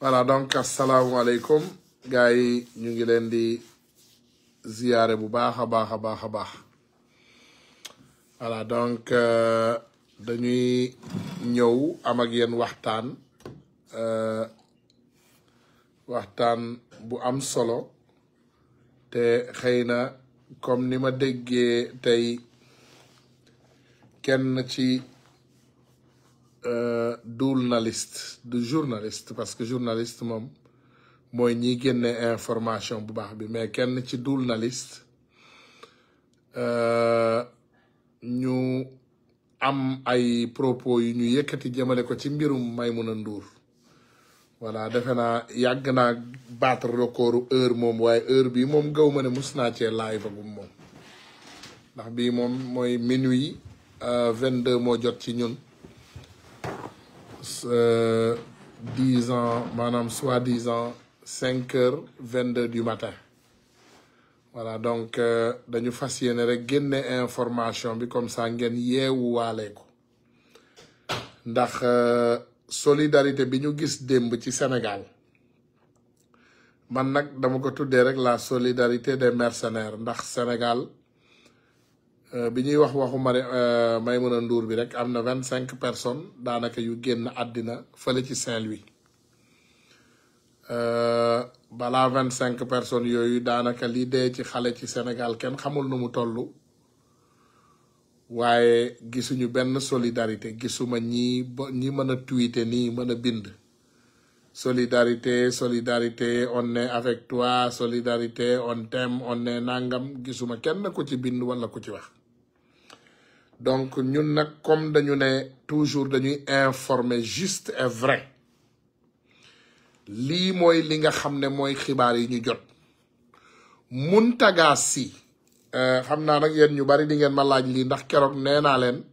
voilà donc asalaamualeykum gars yi ñu ngi leen di ziyaare bu baax a baax a baax a baax voilà donc euh, dañuy ñëw am ak yéen waxtaan euh, waxtaan bu am solo te xëy na comme ni ma déggee tey kenn ci Euh, journaliste du journaliste parce que journalist moom mooy ñiy génne information bu baax bi mais kenn ci journaliste euh, ñu am ay propos yu ñu yëkkati jëmale ko ci mbirum may a nduur voilà defe naa yàgg na battre recordu heure moom waaye heure bii moom gaw ma ne mus naa cee live agum moom ndax bii moom mooy minuit euh, vingt-deux moo jot ci ñun Euh, dix ans maanaam soi-disant cinq heures vingt deux du matin voilà donc euh, dañu fas yéene rek génne information bi comme ça ngeen yeewu waale ko ndax euh, solidarité bi ñu gis démb ci Sénégal man nag dama ko tuddee rek la solidarité des mercenaires ndax Sénégal Euh, bi ñuy wax waxu mari euh, Maïmouna Ndour bi rek am na vingt cinq personnes daanaka yu génn àddina fële ci Saint-Louis euh, balaa vingt cinq personnes yooyu daanaka lii dee ci xale ci Sénégal kenn xamul nu mu toll waaye gisuñu benn solidarité gisuma ñi ñi mën a tuite nii mën a bind solidarité solidarité on est avec toi solidarité on t'aime on est nangam gisuma kenn ku ci bind wala ku ci wax donc ñun nag comme dañu ne toujours dañuy informer juste et vrai lii mooy li nga xam ne mooy xibaar yi ñu jot mun Mountaga si euh, xam naa nag yéen ñu bari di ngeen ma laaj lii ndax keroog nee naa leen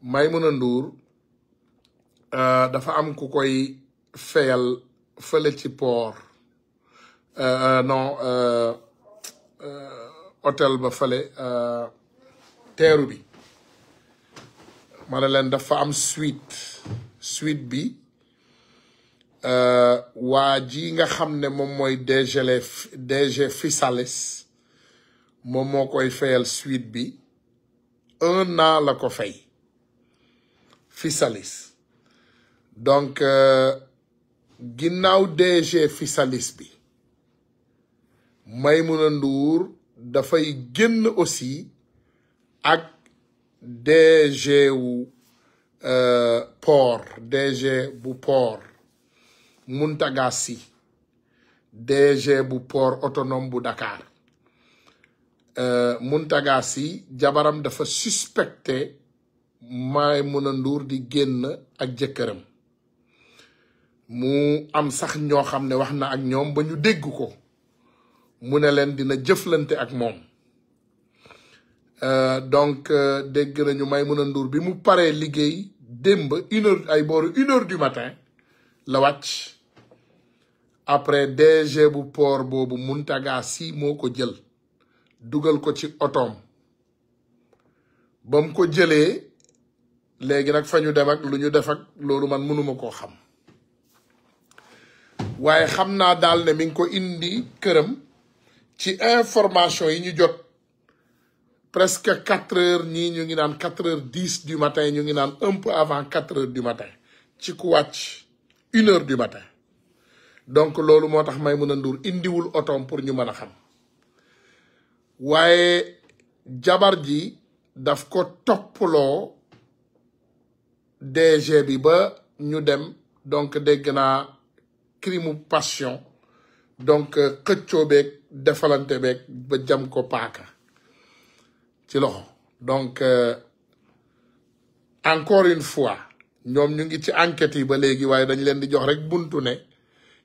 may Maimouna Ndour euh, dafa am ku koy fayal fële ci port euh, euh, non euh, hôtel ba fële teeru bi ma leen dafa am suite suite bi waa ji nga xam ne moom mooy DG DG Fisales moom moo koy fayal suite bi un an la ko fay Fisales donc ginnaaw DG Fisalis bi Maimouna Ndour dafay génn aussi ak DG wu euh, port DG bu port Mountaga DG bu port autonome bu Dakar euh, Mountaga jabaram dafa suspecté Maimouna Ndour di génn ak jëkkëram mu am sax ñoo xam ne wax na ak ñoom ba ñu dégg ko mu ne leen dina jëflante ak moom euh, donc euh, dégg nañu may a nduur bi mu paree liggéey démb une ay booru une heure du matin la wàcc après DG bu poor boobu Mountaga Sy moo ko jël dugal ko ci otom ba ko jëlee léegi nag fa ñu dem ak lu ñu defak loolu man mënuma koo xam waaye xam naa daal ne mi ngi ko indi këram ci information yi ñu jot presque quatre heures ñii ñu ngi naan quatre heures dix du matin ñu ngi naan un peu avant quatre heures du matin ci ku wàcc une heure du matin donc loolu moo tax Maimouna Ndour indiwul otoom pour ñu mën a xam waaye jabar ji daf ko toppaloo DG bi ba ñu dem donc dégg naa crime passion donc euh, xëccoo beeg defalante beeg ba jam ko paaka ci loxo donc euh, encore une fois ñoom ñu ngi ci enquête yi ba léegi waaye dañ leen di jox rek buntu ne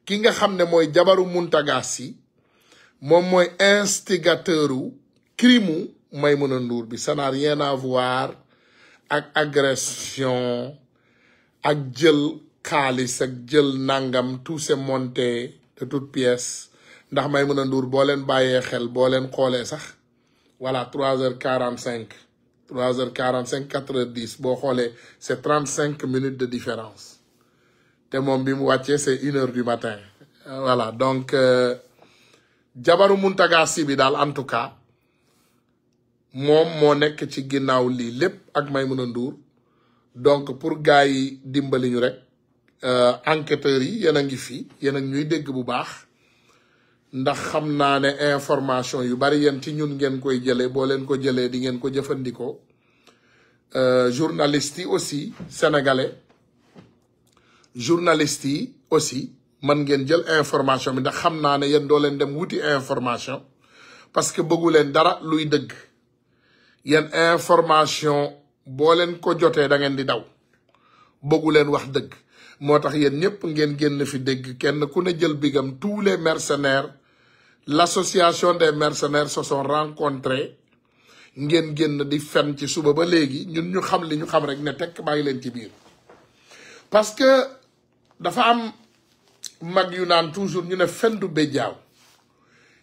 ki nga xam ne mooy jabaru Mountaga Sy moom mooy instigateur u crime Maimouna Ndour bi ça n'a rien à voir ak agression ak jël xaalis ak jël nangam tout c'est monté de toutes pièces ndax Maimouna nduur boo leen bàyyee xel boo leen xoolee sax voilà trois heures quarante cinq trois heures quarante cinq quatre heures dix boo xoolee c'est trente cinq minutes de différence te moom bi mu wàccee c'est une heure du matin voilà donc euh, jabaru Mountaga Sy bi daal en tout cas moom moo nekk ci ginnaaw lii lépp ak may Maimouna nduur donc pour gars yi dimbali ñu rek Euh, enquêteurs yi yéen a ngi fi yéen a ngi dégg bu baax ndax xam naa ne information yu bari yéen ci ñun ngeen koy jëlee boo leen ko jëlee di ngeen ko jëfandikoo euh, journalistes yi aussi sénégalais journalistes yi aussi mën ngeen jël information bi ndax xam naa ne yéen doo leen dem wuti information parce que bëggu leen dara luy dëgg yéen information boo leen ko jotee da ngeen di daw bëggu leen wax dëgg moo tax yéen ñëpp ngeen génn fi dégg kenn ku ne jël bigam tous les mercenaires l'association des mercenaires se sont rencontrés ngeen génn di fenn ci suba ba léegi ñun ñu xam li ñu xam rek ne tekk bàyyi leen ci biir parce que dafa am mag yu naan toujours ñu ne fen du béjjaaw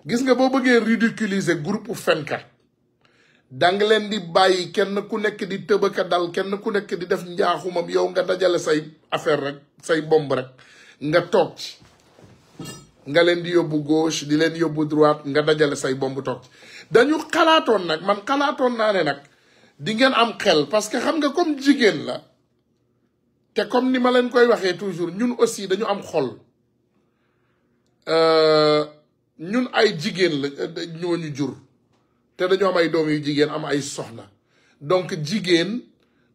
gis nga boo bëggee ridiculiser groupe fenkat danga leen di bàyyi kenn ku nekk di tëbëka dal kenn ku nekk di def njaaxumam yow nga dajale say affaire rek say bomb rek nga toog nga leen di yóbbu gauche di leen yóbbu droite nga dajale say bomb toog dañu xalaatoon nag man xalaatoon naa ne nag di ngeen am xel parce que xam nga comme jigéen la te comme ni ma leen koy waxee toujours ñun aussi dañu am xol euh, ñun ay jigéen la euh, ñooñu jur te dañoo am ay doom yu jigéen am ay soxna donc jigéen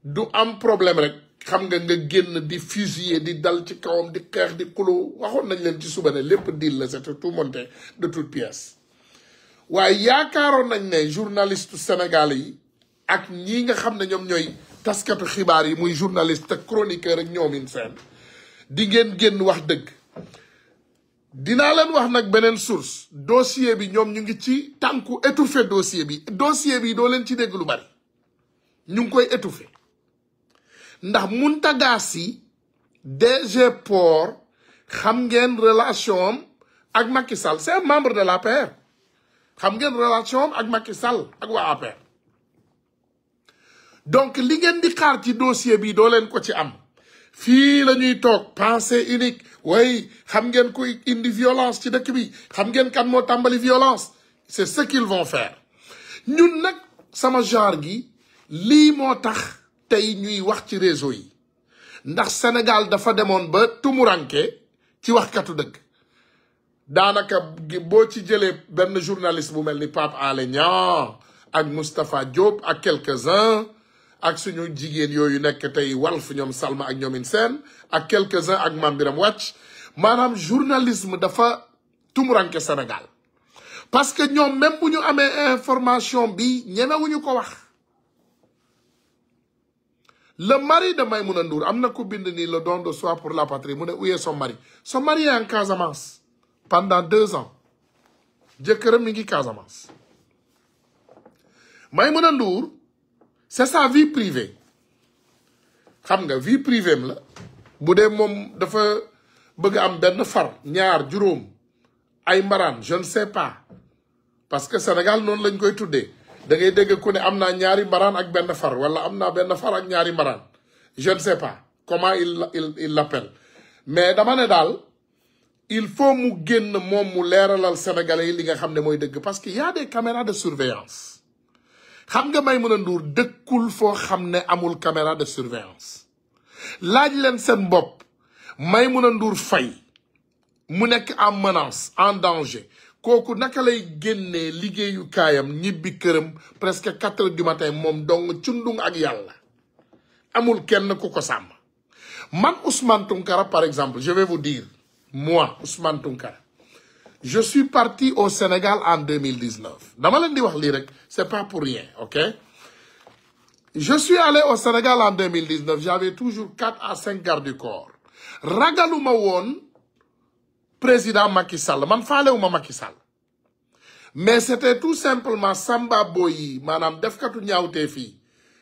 du am problème rek xam nga nga génn di fusiller di dal ci kawam di xeex di xuloo waxoon nañ leen ci suba ne lépp deal la c'était tout monté de toutes pièces waaye yaakaaroon nañ ne journaliste sénégalais yi ak ñii nga xam ne ñoom ñooy taskatu xibaar yi muy journaliste ak chroniqueur ak ñoomin seen di ngeen génn wax dëgg dinaa leen wax nag beneen source dossier bi ñoom ñu ngi ci tànku étouffé dossier bi dossier bi doo leen ci dégg lu bari ñu ngi koy étouffé ndax mun Mountaga si DG Port xam ngeen relation ak Macky Sall c'est un membre de l'APR xam ngeen relation am ak Macky Sall ak waa APR donc li ngeen di xaar ci dossier bi doo leen ko ci am fii la ñuy toog pensée unique way xam ngeen koy indi violence ci dëkk bi xam ngeen kan moo tàmbali violence c'est ce qu'ils von fair ñun nag sama genre gi lii moo tax tey ñuy wax ci réseau yi ndax Sénégal dafa demoon ba tumuranke ci wax waxkatu dëkk daanaka boo ci jëlee benn journaliste bu mel ni Pape Alé Niang ak Moustapha Diop ak quelques-uns ak suñu jigéen yooyu nekk tey Walf ñoom Salma ak ñoom seen ak quelques uns ak Mame Biram Wàcc maanaam journalisme dafa tumuranke Sénégal parce que ñoom même bu ñu amee information bi ñemewuñu ko wax le mari mun a nduur am na ku bind nii le don de soi pour la patrie mu ne où est son mari son mari est en Casamance pendant deux ans jëkkëram mi ngi Casamance a Ndour c'est sa vie privée xam nga vie privée am la bu dee moom dafa bëgg am benn far ñaar juróom ay mbaraan je ne sais pas parce que Sénégal noonu lañ koy tuddee da ngay dégg ku ne am na ñaari mbaraan ak benn far wala am na benn far ak ñaari mbaraan je ne sais pas comment il il la l'appelle mais dama ne daal il faut mu génn moom mu leeralal sénégalais yi li nga xam ne mooy dëgg parce que y a des de surveillance xam nga Maimouna Ndour dëkkul foo xam ne amul caméra de surveillance laaj leen seen bopp Maimouna Ndour fay mu nekk en menace en danger kooku naka lay génne liggéeyu kaayam ñibbi këram presque quatre heures du matin moom dong cundung ak yàlla amul kenn ku ko sàmm man Ousmane Tounkara par exemple je vais vous dire moi Ousmane Tounkara je suis parti au Sénégal en 2019 dama leen di wax lii rek c'est pas pour rien ok je suis allé au Sénégal en 2019 j'avais toujours quatre à cinq gardes du corps ragaluma woon président Macky Sall man faalewuma Macky Sall mais c'était tout simplement Samba Boy yi maanaam defkatu ñaawtee fii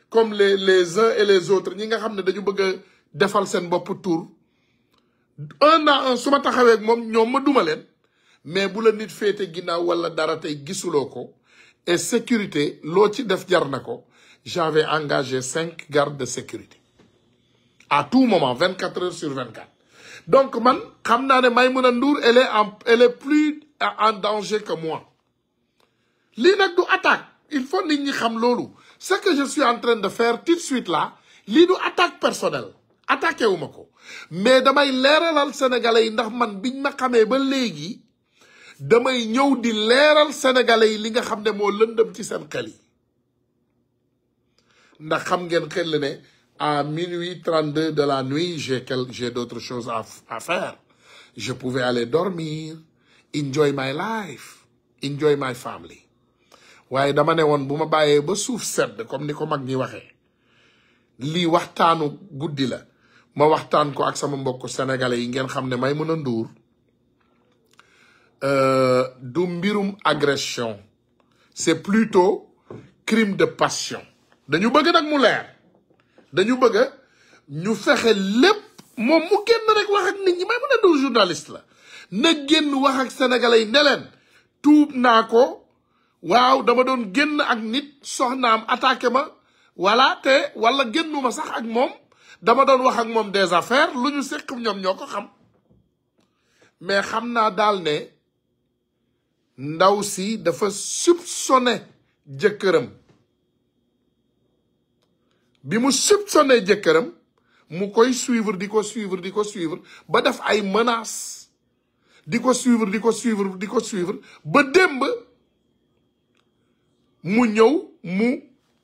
comme les les uns et les autres ñi nga xam ne dañu bëgg defal seen bopp tour un à un su ma taxawee moom ñoom ma duma leen mais bu la nit féete ginnaaw wala dara tey gisuloo ko et sécurité loo ci def jar na ko j'avais engagé cinq gardes de sécurité à tout moment vingt quatre heures sur vingt quatre donc man xam naa ne Maïmouna Ndour elle est en elle est plus en danger que moi lii nag du attaque il faut nit ñi xam loolu ce que je suis en train de faire tout de suite là lii du attaque personnelle attaqué wu ma ko mais damay leeralal sénégalais yi ndax man biñ ma xamee ba léegi damay ñëw di leeral sénégalais yi li nga xam ne moo lëndëm ci seen xel yi ndax xam ngeen xel ne à minuit 32 de la nuit j'ai quel j'ai d'autres à à faire je pouvais aller dormir enjoy my life enjoy my family waaye dama ne woon bu ma bàyyee ba suuf sedd comme ni ko mag ñi waxee lii waxtaanu guddi la ma waxtaan ko ak sama mbokk sénégalais yi ngeen xam ne may Maimouna nduur Euh, du mbirum agression c'est plutôt crime de passion dañu bëgg nag mu leer dañu bëgg ñu fexe lépp moom mu génn rek wax ak nit ñi may mu ne du journaliste la na génn wax ak sénégalais yi ne leen tuub naa ko waaw dama doon génn ak nit soxnaam attaqué ma wala te wala génnuma sax ak moom dama doon wax ak moom des affaires lu ñu séq ñoom ñoo ko xam mais xam naa daal ne ndaw si dafa soupçonné jëkkëram bi mu soupçonné jëkkëram mu koy suivre di ko suivre di ko suivre ba def ay menaces di ko suivre di ko suivre di ko suivre ba démb mu ñëw mu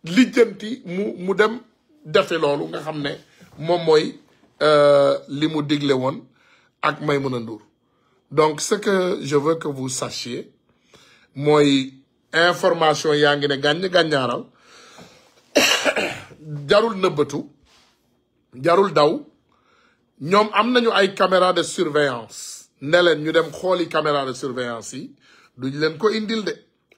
lijjanti mu mu dem defe loolu nga xam ne moom mooy euh, li mu digle woon ak Maïmouna Ndour donc ce que je veux que vous sachiez mooy information yaa ngi ne gàññ gàññaaral jarul nëbbatu jarul daw ñoom am nañu ay caméra de surveillance ne leen ñu dem xooli caméra de surveillance yi duñ leen ko indil de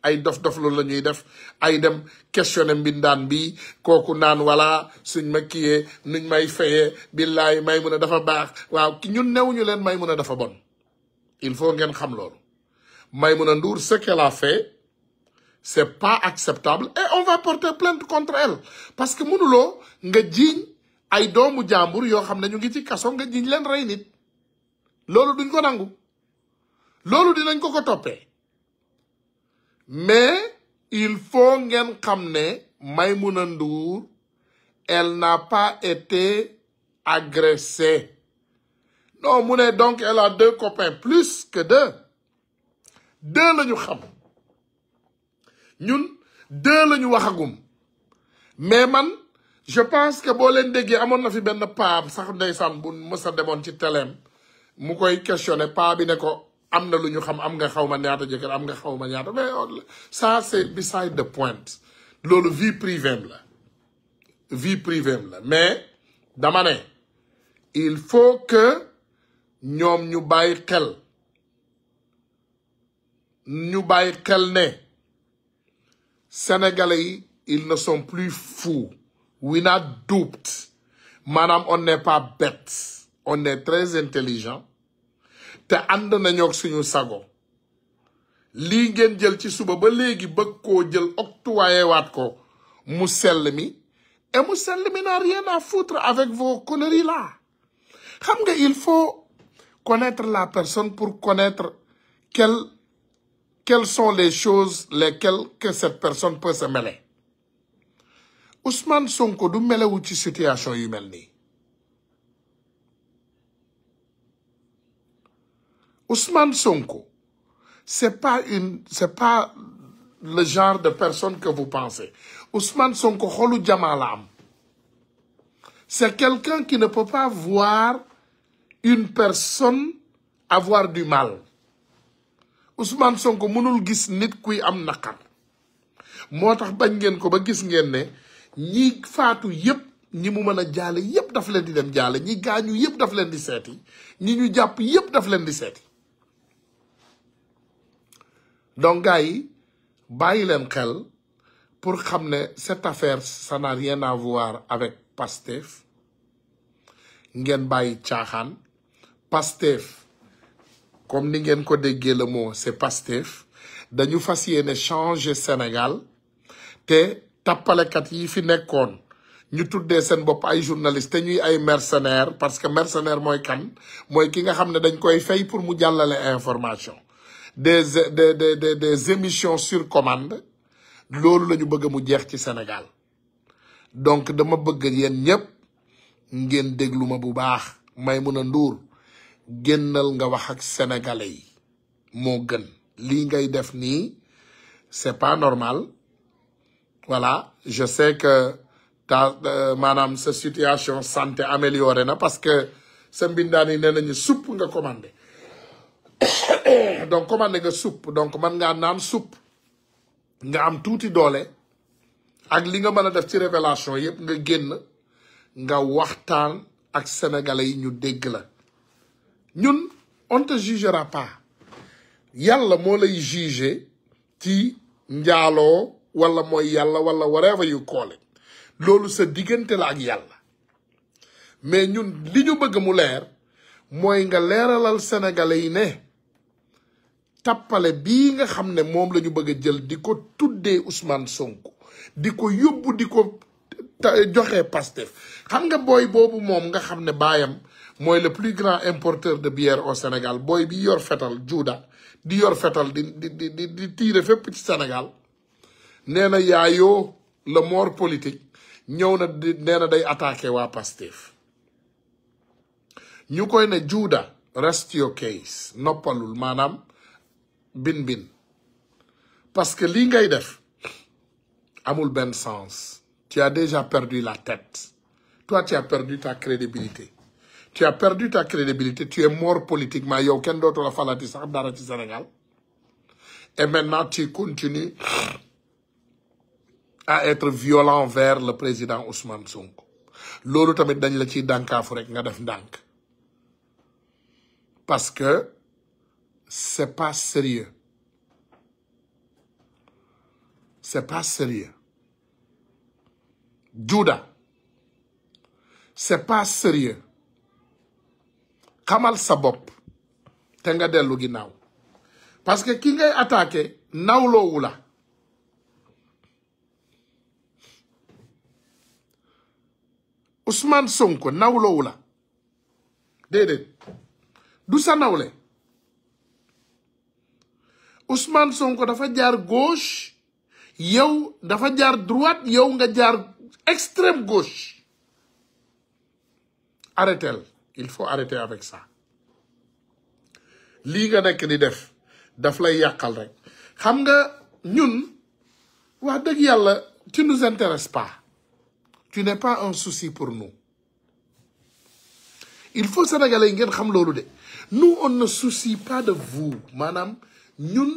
ay dof-dof loolu la ñuy def ay dem questionné mbindaan bi kooku naan wala suñ ma kiyee nuñ may fayee billaay may mun a dafa baax waaw ñun newuñu leen may mun a dafa bon il faut ngeen xam lool Maïmouna Ndour, ce qu'elle a fait, c'est pas acceptable et on va porter plainte contre elle parce que mënuloo nga jiiñ ay doomu jàmbur yoo xam ne ñu ngi ci kaso nga jiiñ leen rey nit loolu duñ ko nangu loolu dinañ ko ko toppee mais il faut ngeen xam ne Maïmouna Ndour elle n'a pas été agressée non mu ne donc elle a deux copains plus que deux deux la ñu xam ñun deux la ñu waxagum mais man je pense que boo leen déggee amoon na fi benn paab sax ndeysaan bu mësa demoon ci teleem mu koy questionné paa bi ne ko am na lu ñu xam am nga xaw ma ñaata jëkkër am nga xaw ma ñaata mais ça c'est beside de point loolu vie privée la vie privée la mais damane il faut que ñoom ñu bàyyi xel ñu bàyyi xel ne sénégalais yi ils ne sont plus fous we not duped maanaam on n'est pas bête on est très intelligent te ànd nañoo ak suñu sago lii ngeen jël ci suba ba léegi bëgg koo jël octroyé waat ko mu sell mi et mu sell mi n'a rien à foutre avec vos conneries là xam nga il faut connaître la personne pour connaître quelle quelles sont les choses lesquelles que cette personne peut se mêler Ousmane Sonko du melewu ci situation yu mel nii Ousmane Sonko c'est pas le genre de personne que vous pensez Ousmane Sonko xolu jamaa am c'est quelqu'un qui ne peut pas voir une personne avoir du mal Ousmane Sonko mënul gis nit kuy am naqar moo tax bañ ngeen ko ba gis ngeen ne ñi faatu yépp ñi mu mën a jaale yépp daf leen di dem jaale ñi gaañu yépp daf leen di seeti ñi ñu jàpp yépp daf leen di seeti donc gars yi bàyyi leen xel pour xam ne cette affaire ça n'a rien avec Pastef ngeen bàyyi caaxaan Pastef comme ni ngeen ko déggee le mot c'est Pastef dañu fas yéene changer Sénégal te tappalekat yi fi nekkoon ñu tuddee seen bopp ay journaliste te ñuy ay mercenaire parce que mercenaire mooy kan mooy ki nga xam ne dañ koy fay pour mu jàllale information des des des des émissions sur commande loolu la ñu bëgg mu jeex ci Sénégal donc dama bëgg yéen ñëpp ngeen déglu ma bu baax may Maimouna nduur génnal nga wax ak sénégalais yi moo gën lii ngay def nii c'est pas normal voilà je sais que ta euh, maanaam sa situation santé améliorée na parce que sa mbindaan yi nee nañu supp nga commandé donc commandé nga supp donc man ngaa naan supp nga am tuuti doole ak li nga mën a def ci révélation yépp nga génn nga waxtaan ak sénégalais yi ñu dégg la ñun on te jugera pas yàlla moo lay juger ci njaaloo wala mooy yàlla wala whatever you call loolu sa diggante la ak yàlla mais ñun li ñu bëgg mu leer mooy nga leeralal sénégalais yi ne tappale bi nga xam ne moom la ñu bëgg jël di ko tuddee Ousmane Sonko di ko yóbbu di ko joxe Pastef xam nga booy boobu moom nga xam ne baayam mooy le plus grand importeur de bière au Sénégal booy bi yor fetal juuda di yor fetal di di di di tiire fépp ci Sénégal nee na yaayoo le mort politique ñëw na di day attaqué waa Pastef ñu koy ne juuda rest your case noppalul maanaam bin bin parce que lii ngay def amul benn sens tu as déjà perdu la tête toi tu as perdu ta crédibilité tu as perdu ta crédibilité tu es mort politiquement yow kenn dootu la falati sax dara ci Sénégal et maintenant tu continues à être violent envers le président Ousmane Sonko loolu tamit dañ la ciy dànkaafu rek nga def ndànk parce que c'est pas sérieux c'est pas sérieux Juda c'est pas sérieux xamal sa bopp te nga dellu ginnaaw parce que ki ngay attaqué nawloowu la Ousmane Sonko nawloowu la déedéet du sa nawle Ousmane Sonko dafa jaar gauche yow dafa jaar droite yow nga jaar extrême gauche arrêtel il faut arrêter avec ça lii nga nekk di def daf lay yàqal rek xam nga ñun wax dëgg yàlla tu nous intéresses pas tu n'es pas un souci pour nous il faut sénégalais yi ngeen xam loolu de nous on ne soucie pas de vous maanaam ñun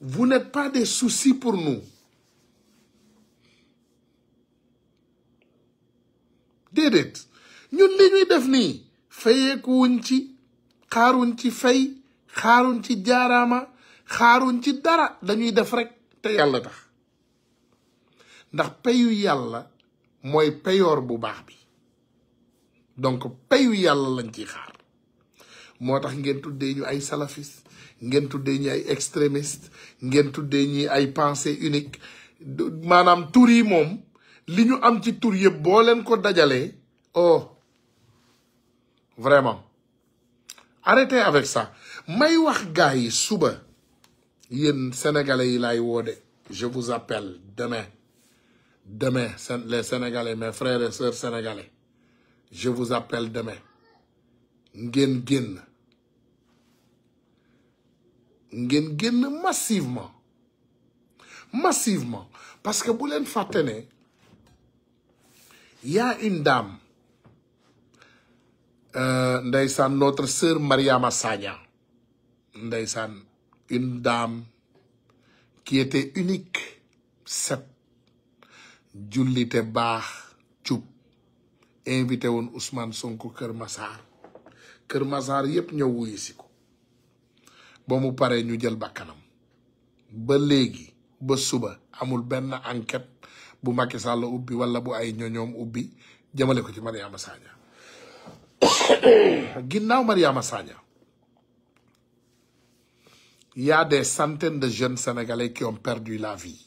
vous n'êtes pas des soucis pour nous déedéet ñun li ñuy def nii fayeekuwuñ ci xaaruñ ci fay xaaruñ ci jaaraama xaaruñ ci dara dañuy def rek te yàlla tax ndax payu yàlla mooy payoor bu baax bi donc payu yàlla lañ ciy xaar moo tax ngeen tuddee ay salafiste ngeen tuddee ñu ay extrémiste ngeen tuddee ñi ay pensée unique maanaam tur yi moom li ñu am ci tur yëpp boo leen ko dajalee oh vraiment arrêtez avec ça may wax gars yi suba yéen sénégalais yi laay woode je vous appelle demain demain les sénégalais mes frères et sœurs sénégalais je vous appelle demain ngeen génn ngeen génn massivement massivement parce que bu leen fàtte ne y a une dame Eh, ndeysaan notre sœur Mariama Sagna ndeysaan une dame unique set jullite baax cub invité woon Ousmane Sonko Kër Massar Kër Massar yépp ñëw wuyu si ko ba mu paree ñu jël bakkanam ba léegi ba suba amul benn enquête bu Macky Sall ubbi wala bu ay ñoñoom ubbi jëmale ko ci Mariama Sagna ginnaaw Mariama Sagna il y des centaines de jeunes sénégalais qui ont perdu la vie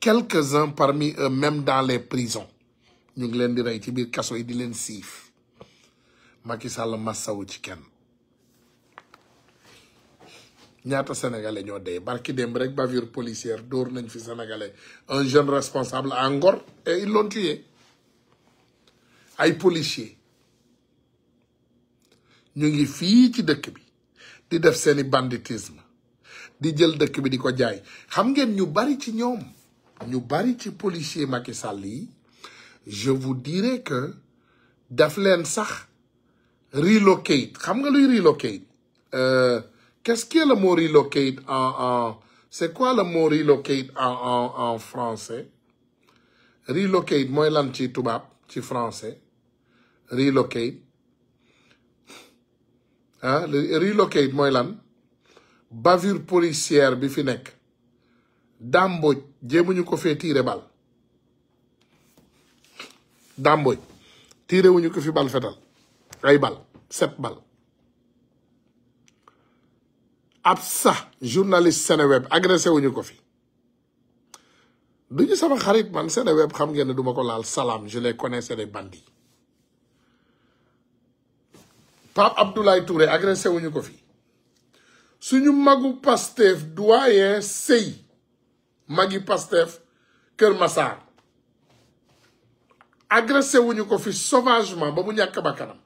quelques-uns parmi eux même dans les prisons ñu ngi leen di rey ci biir kaso yi di leen siif Macky Sall massawu ci kenn ñaata sénégalais ñoo dee barki démb rek bavure policière dóor nañ fi sénégalais un jeune responsable à Ngor et ils l'ont ay policier ñu ngi fii ci dëkk bi di def seeni banditisme di jël dëkk bi di ko jaay xam ngeen ñu bari ci ñoom ñu bari ci policier Macky Sall yi je vous dirai que daf leen sax relocate xam nga luy relocate euh, qu'est-ce que le mot relocate en en quoi le mot relocate en en en français relocate mooy lan ci tubaab ci français relocate ah relocate mooy lan bavure policière bi fi nekk dàmbooj jéemuñu ko fee tiire bal dàmbooj tiire wuñu ko fi bal fetal ay bal set bal ab sax journaliste Seneweb agressé wuñu ko fi duñu sama xarit man Seneweb xam ngeen ne duma ko laal salaam je les connais c'est Pape Abdoulaye Touré agressé wuñu ko fi suñu magu Pastef doyen sëy magi Pastef Kër Massar agressé wuñu ko fi sovagement ba mu ñàkk bakkanam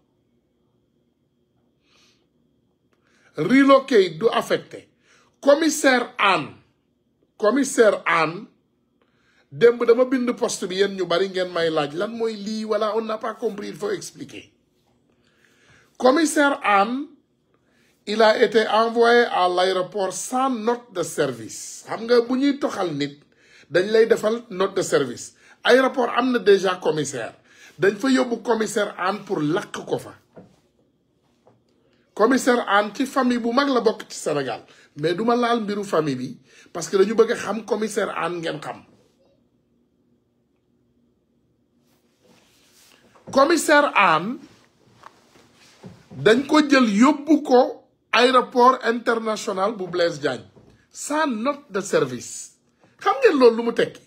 relocate du affecté commissaire Anne commissaire démb dama bind poste bi yéen ñu bari ngeen may laaj lan mooy lii wala on n'a pas compris il faut expliquer commissaire Anne il a été envoyé à l'aéroport sans note de service xam nga bu ñuy toxal nit dañ lay defal note de service aéroport am na déjà commissaire dañ fa yóbbu commissaire Anne pour lakk ko fa commissaire Anne ci famille bu mag la bokk ci Sénégal mais duma laal mbiru famille bi parce que dañu bëgg a xam commissaire Anne ngeen xam commissaire dañ ko jël yóbbu ko aéroport international bu Blaise Diagne sans note de service xam ngeen loolu lu mu tekki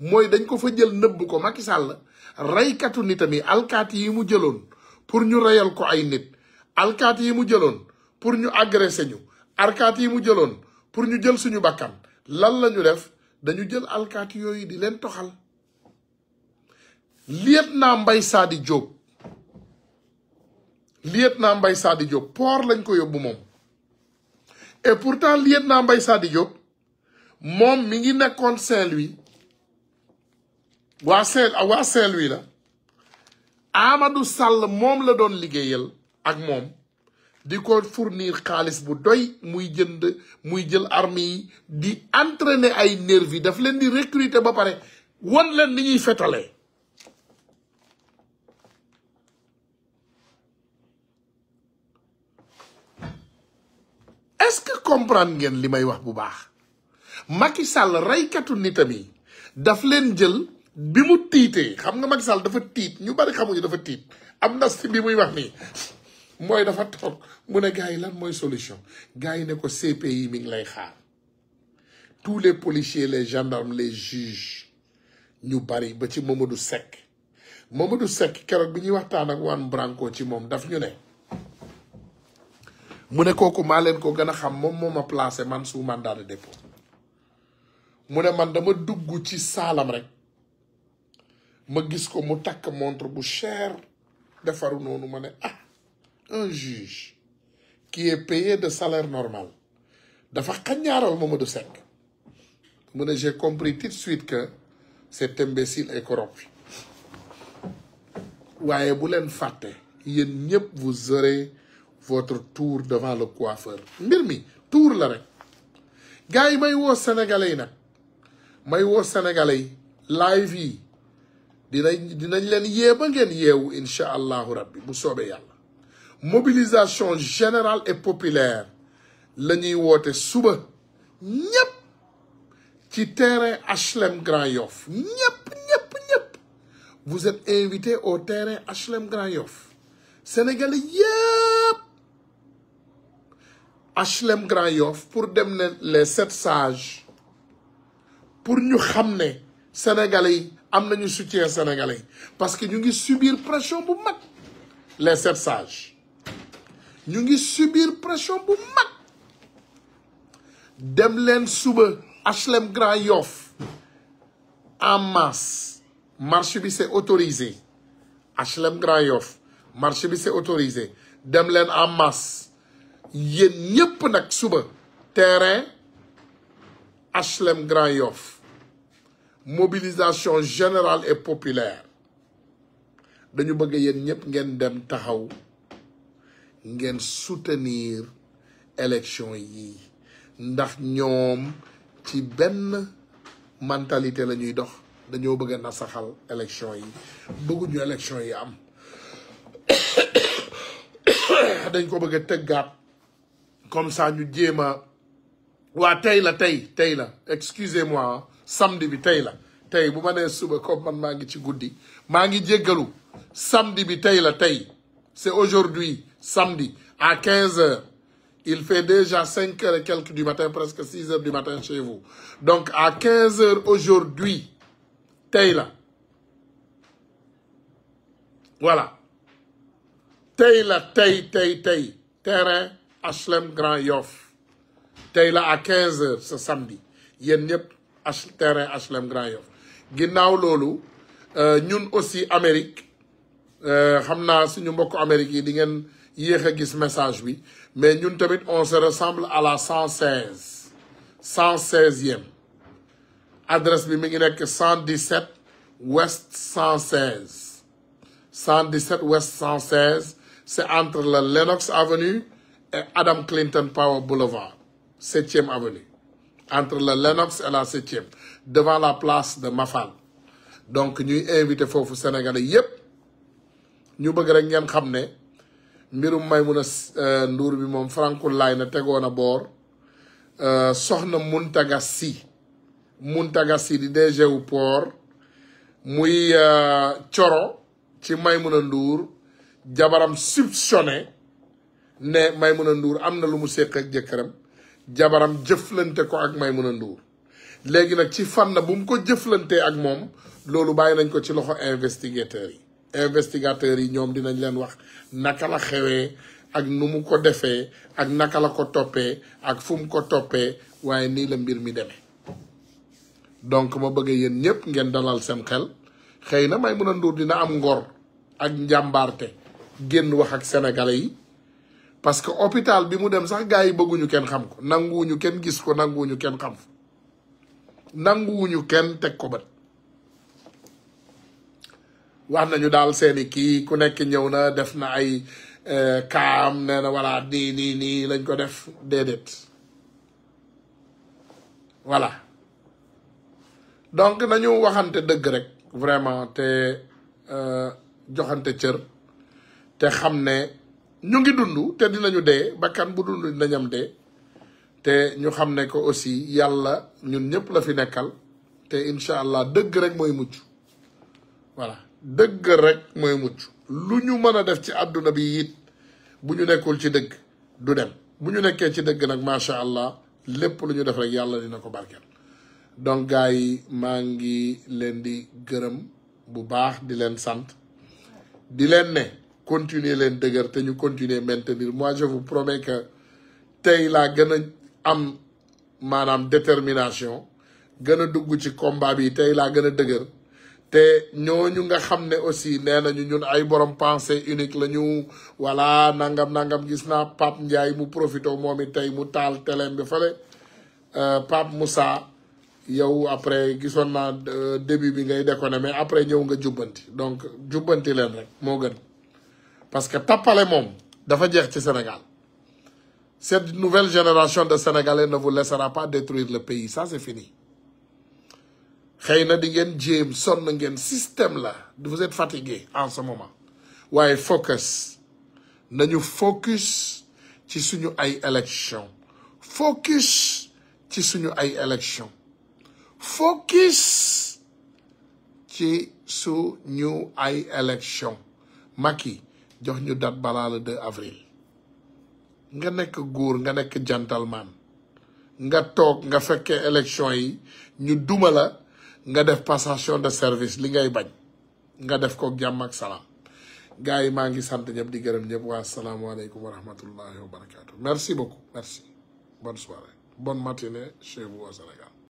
mooy dañ ko fa jël nëbbu ko Macky Sall reykatu nitam yi alkaati yi mu jëloon pour ñu reyal ko ay nit alkaati yi mu jëloon pour ñu agressé ñu alkaati yi mu jëloon pour ñu jël suñu bàkkan lan lañu def dañu jël alkaati yooyu di leen toxal naa mbay saa di Diop lieutenant Mbaye Sadi Diop poor lañ ko yóbbu moom et pourtant lieutenant Mbaye Sadi Diop moom mi ngi nekkoon Saint-Louis waa Saint waa la Amadou sàll moom la doon liggéeyal ak moom di ko fournir xaalis bu doy muy jënd muy jël armes yi di entraîner ay nervi daf leen di recruter ba pare wan leen ni ñuy fetalee est-ce que comprendre ngeen li may wax bu baax Macky Sall reykatu nitam yi daf leen jël bi mu tiitee xam nga Macky Sall dafa tiit ñu bari xamuñu dafa tiit am na si bi muy wax nii mooy dafa toog mu ne gars yi lan mooy solution gars yi ne ko CPI mi ngi lay xaar tous les policiers les gendarmes les juges ñu bari ba ci Mamadou Seck Mamadou Seck keroog bi ñuy waxtaan ak Juan Branco ci moom daf ñu ne mu ne kooku maa leen koo gën a xam moom moo ma placé man su mandat de dépôt mu ne man dama dugg ci saalam rek ma gis ko mu takk montre bu cher defaru noonu ma ne ah un juge qui est payé de salaire normal dafa xañaaral Mamadou Seck mu ne j'ai compris tout de suite que cet imbécile est corrompu waaye bu leen fàtte yéen ñëpp vous aurez votre tour devant le coiffeur mbir mi tour la rek gars yi may woo sénégalais yi nag may woo sénégalais yi live yi dinañ dinañ leen yee ba ngeen yeewu incha allahu rabbi bu soobee yàlla mobilisation générale et populaire la ñuy woote suba ñépp ci terrain HLM Grand Yoff ñépp ñépp vous êtes invités au terrain HLM Grand Yoff sénégalais yépp HLM Grand Yoff pour dem ne les sept sages pour ñu xam ne sénégalais yi am nañu soutien sénégalais parce que ñu ngi subir pression bu mag les sept sages ñu ngi subir pression bu mag dem leen suba HLM Grand Yoff en masse marche bi c'est autorisé HLM Grand Yoff marche bi c'est autorisé dem leen en masse yéen ñépp nag suba terrain HLM Grand Yoff mobilisation générale et populaire dañu bëgg yéen ñépp ngeen dem taxaw ngeen soutenir élection yi ndax ñoom ci benn mentalité lañuy dox dañoo bëgg a nasaxal élection yi bëgguñu élection yi am dañ ko bëgg a tëggaat comme ça ñu jéem waa tey la tey tey la excusez-moi samedi bi tey la tey bu ma nee suba comme man maa ngi ci guddi maa ngi jéggalu samedi bi tey la tey c'est aujourd'hui samedi à quinze heures il fait déjà cinq heures et quelques du matin presque 6 heures du matin chez vous donc à 15 heures aujourd'hui tey la voilà tey la tey tey tey terrain HLM Grand Yoff tey la à 15 heures ce samedi yéen ñëpp H terrain HLM Grand Yoff ginnaaw loolu euh, ñun aussi Amérique euh, xam naa suñu mbokku Amérique yi di ngeen yéex a gis message bi mais ñun tamit on se ressemble à la 116 116e adresse bi mi ngi nekk 117 West 116 117 West 116 c'est entre la Lenox Avenue. Adam Clinton Power Boulevard, 7e avenue, entre le Lenox et la 7e, devant la place de Mafal. Donc, nous invitons foofu sénégale yep, ñu bëgg rek ngeen xam ne mbirum Maimouna euh, nduur bi moom Francoulaye na tegoon a boor euh, soxna Mountaga Sy Mountaga Sy di DG wu port muy coro euh, ci Maimouna Ndour jabaram soupçonné ne a Nduur am na lu mu sekk ak jëkkëram jabaram jëflante ko ak a Nduur léegi nag ci fànn bu mu ko jëflantee ak moom loolu bàyyi nañ ko ci loxo investigateurs yi investigateurs yi ñoom dinañ leen wax naka la xewee ak nu mu ko defee ak naka la ko toppee ak fu mu ko toppee waaye nii la mbir mi demee donc ma bëggee yéen ñëpp ngeen dalal seen xel xëy na a Nduur dina am ngor ak njàmbaarte génn wax ak sénégalais yi parce que hôpital bi mu dem sax gars yi bëgguñu kenn xam ko nanguwuñu kenn gis ko nanguwuñu kenn xam ko nanguwuñu kenn teg ko bët wax nañu daal seeni kii ku nekk ñëw na def na ay euh, kaam nee na voilà nii lañ ko def déedéet voilà donc nañu waxante dëgg rek vraiment te euh, joxante cër te xam ne ñu ngi dund te dinañu dee bakkan bu dund dinañam dee te ñu xam ne ko aussi yàlla ñun ñëpp la fi nekkal te incha allah dëgg rek mooy mucc voilà dëgg rek mooy mucc lu ñu mën a def ci àdduna bi it bu ñu nekkul ci dëgg du dem bu ñu nekkee ci dëgg nag macha allah lépp lu ñu def rek yàlla dina ko barkeel donc gars yi maa ngi leen di gërëm bu baax di leen sant di leen ne continuer leen dëgër te ñu continuer maintenir moi je vous promets que tey laa gën a am maanaam détermination gën a dugg ci combat bi tey laa gën a dëgër te ñooñu nga xam ne aussi nee nañu ñun ay borom pensée unique la ñu voilà nangam nangam gis naa Pape Ndiaye mu profité moom it tey mu taal teleem bi fale euh, mu saa yow après gisoon naa euh, début bi ngay déconné mais après ñëw nga jubbanti donc jubbanti leen rek moo gën parce que tappale moom dafa jeex ci Sénégal cette nouvelle génération de Sénégalais ne vous laissera pas détruire le pays ça c'est fini xëy na di ngeen jéem sonn ngeen système la vous êtes fatigué en ce moment waaye focus nañu focus ci suñu ay élection focus ci suñu ay élection focus ci suñu ay élection Macky jox ñu date balaa le 2 avril nga nekk góor nga nekk gentleman nga toog nga fekkee élection yi ñu duma la nga def passation de service li ngay bañ nga def ko jàmm ak salaam gars yi maa ngi sant ñëpp di gërëm ñëpp waa asalaamaaleykum wa rahmatullahi wa barakatu merci beaucoup merci bonne soirée bonne matinée chez vous au Sénégal